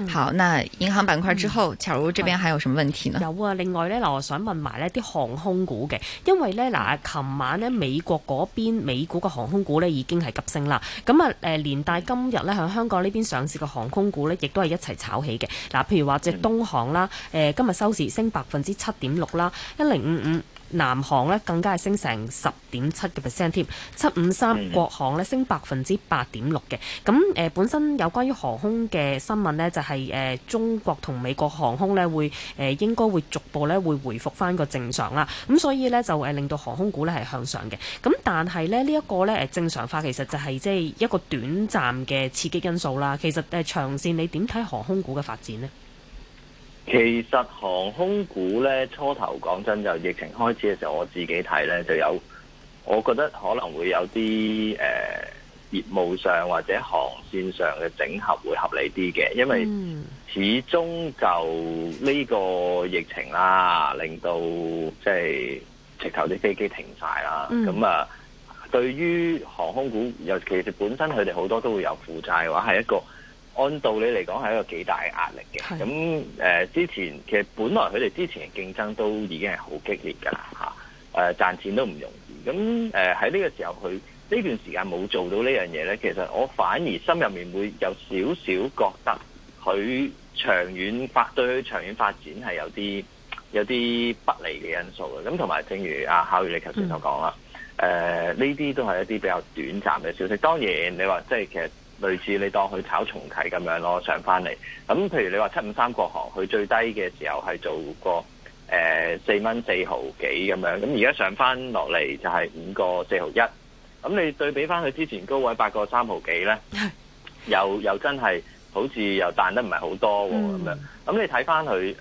嗯、好，那銀行板塊之後，嗯、巧如這邊還有什麼問題呢？嗯、有啊，另外呢，嗱，我想問埋呢啲航空股嘅，因為呢，嗱，琴晚呢，美國嗰邊美股嘅航空股呢已經係急升啦，咁啊誒連帶今日呢，喺香港呢邊上市嘅航空股呢亦都係一齊炒起嘅，嗱，譬如話隻東航啦，誒、嗯呃、今日收市升百分之七點六啦，一零五五。南航咧更加係升成十點七嘅 percent 添，七五三國航咧升百分之八點六嘅。咁誒、呃、本身有關於航空嘅新聞呢，就係、是、誒、呃、中國同美國航空咧會誒、呃、應該會逐步咧會回復返個正常啦。咁所以咧就誒令到航空股咧係向上嘅。咁但係咧呢一、這個咧誒正常化其實就係即係一個短暫嘅刺激因素啦。其實誒、呃、長線你點睇航空股嘅發展呢？其實航空股咧初頭講真，就疫情開始嘅時候，我自己睇咧就有，我覺得可能會有啲誒、呃、業務上或者航綫上嘅整合會合理啲嘅，因為始終就呢個疫情啦，令到即係、就是、直頭啲飛機停晒啦，咁啊、嗯，對於航空股尤其實本身佢哋好多都會有負債嘅話，係一個。按道理嚟講，係一個幾大壓力嘅，咁誒是、呃、之前其實本來佢哋之前競爭都已經係好激烈噶啦嚇，誒、呃、賺錢都唔容易。咁誒喺呢個時候佢呢段時間冇做到呢樣嘢咧，其實我反而心入面會有少少覺得佢長遠發對佢長遠發展係有啲有啲不利嘅因素嘅。咁同埋正如阿、啊、考如你頭先所講啦，誒呢啲都係一啲比較短暫嘅消息。當然你話即係其實。類似你當佢炒重啟咁樣咯，上翻嚟。咁譬如你話七五三個行，佢最低嘅時候係做個誒四蚊四毫幾咁樣，咁而家上翻落嚟就係五個四毫一。咁你對比翻佢之前高位八個三毫幾咧，又又真係好似又彈得唔係好多喎咁樣。咁你睇翻佢誒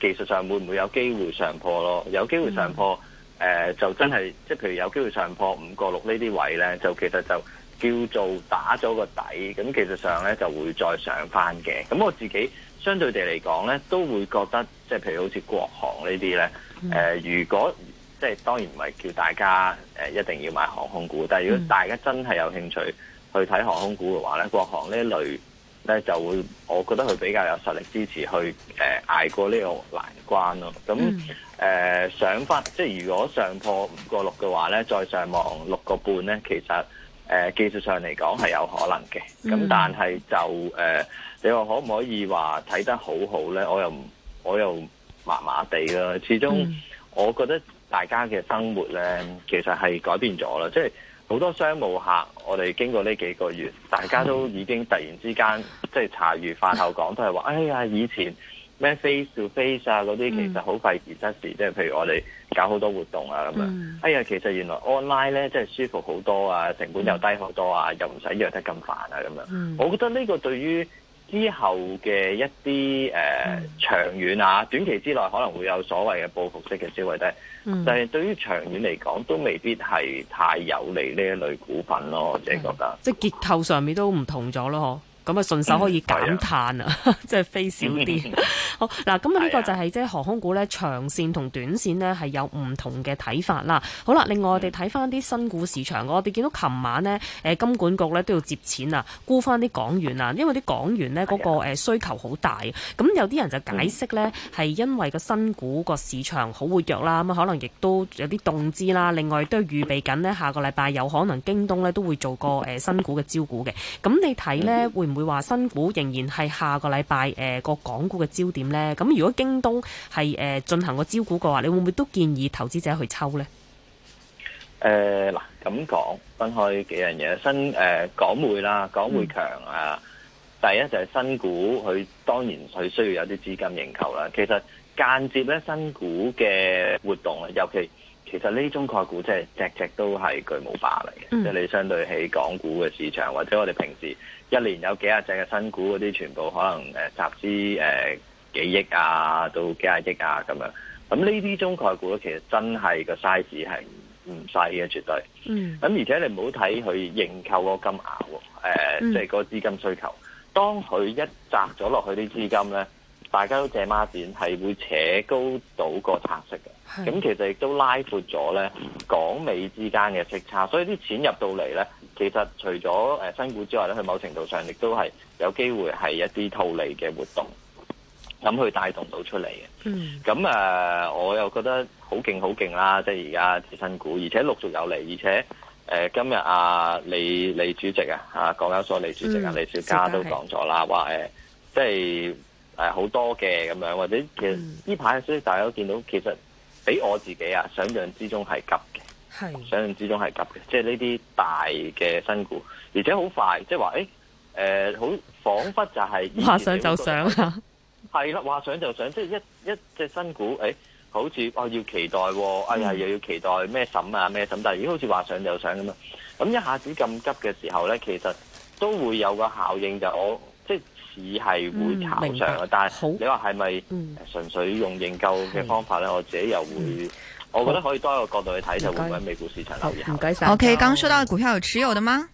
技術上會唔會有機會上破咯？有機會上破、mm. 呃、就真係即係譬如有機會上破五個六呢啲位咧，就其實就。叫做打咗個底，咁其實上咧就會再上翻嘅。咁我自己相對地嚟講咧，都會覺得即係譬如好似國航呢啲咧、嗯呃，如果即係當然唔係叫大家、呃、一定要買航空股，但係如果大家真係有興趣去睇航空股嘅話咧，嗯、國航呢一類咧就會，我覺得佢比較有實力支持去誒、呃、捱過呢個難關咯。咁、嗯呃、上翻，即係如果上破五個六嘅話咧，再上望六個半咧，其實。誒、呃、技術上嚟講係有可能嘅，咁但係就誒、呃，你話可唔可以話睇得好好咧？我又我又麻麻地啦。始終我覺得大家嘅生活咧，其實係改變咗啦。即係好多商務客，我哋經過呢幾個月，大家都已經突然之間，即係茶餘飯後講都係話，哎呀，以前。咩 face to face 啊嗰啲其實好費時失事，即係、嗯、譬如我哋搞好多活動啊咁樣。嗯、哎呀，其實原來 online 咧，即係舒服好多啊，成本又低好多啊，嗯、又唔使約得咁煩啊咁樣。嗯、我覺得呢個對於之後嘅一啲誒、呃嗯、長遠啊，短期之內可能會有所謂嘅報復式嘅消費低，嗯、但係對於長遠嚟講，都未必係太有利呢一類股份咯，嗯、我自己覺得。即係結構上面都唔同咗咯。咁啊，順手可以減碳啊，即係飛少啲。哎、呀好嗱，咁啊，呢個就係即係航空股咧，長線同短線呢係有唔同嘅睇法啦。好啦，另外我哋睇翻啲新股市場，我哋見到琴晚呢，誒金管局咧都要接錢啊，沽翻啲港元啊，因為啲港元呢嗰、嗰個需求好大。咁有啲人就解釋呢係因為個新股個市場好活躍啦，咁可能亦都有啲動資啦。另外都預備緊呢，下個禮拜有可能京東呢都會做個誒新股嘅招股嘅。咁你睇呢、哎、呀會唔會？會話新股仍然係下個禮拜誒個港股嘅焦點呢？咁如果京東係誒進行個招股嘅話，你會唔會都建議投資者去抽呢？誒、呃，嗱，咁講分開幾樣嘢，新誒、呃、港匯啦，港匯強啊，嗯、第一就係新股，佢當然佢需要有啲資金認購啦。其實間接咧，新股嘅活動尤其。其實呢啲中概股即係隻隻都係巨無霸嚟嘅，即係、嗯、你相對起港股嘅市場，或者我哋平時一年有幾廿隻嘅新股嗰啲，全部可能誒集資誒幾億啊到幾廿億啊咁樣。咁呢啲中概股其實真係個 size 係唔細嘅，絕對。咁、嗯、而且你唔好睇佢認購嗰個金額，誒、嗯啊，即係嗰個資金需求。當佢一集咗落去啲資金咧。大家都借孖展係會扯高到個拆息嘅，咁的其實亦都拉闊咗咧港美之間嘅息差，所以啲錢入到嚟咧，其實除咗誒新股之外咧，佢某程度上亦都係有機會係一啲套利嘅活動，咁去帶動到出嚟嘅。咁誒、嗯，我又覺得好勁好勁啦！即係而家啲新股，而且陸續有嚟，而且誒、呃、今日啊，李李主席啊，啊港交所李主席啊，嗯、李小加都講咗啦，話誒即係。係好多嘅咁樣，或者其實呢排雖然大家都見到，其實比我自己啊想像之中係急嘅，是想像之中係急嘅，即係呢啲大嘅新股，而且好快，即係話誒好仿佛就係話、那個、想就想」，「啦，係啦，話想就想」即一，即係一一隻新股誒、欸、好似哦要期待，哎呀、嗯、又要期待咩審啊咩審，但係好似話想就想」咁樣。咁一下子咁急嘅時候咧，其實都會有個效應就，就我即係。而係會炒上啊！嗯、好，但係你話係咪純粹用認購嘅方法咧？嗯、我自己又會，嗯、我覺得可以多一個角度去睇，好就會唔會喺美股市場留意下。O K，剛剛收到股票有持有的嗎？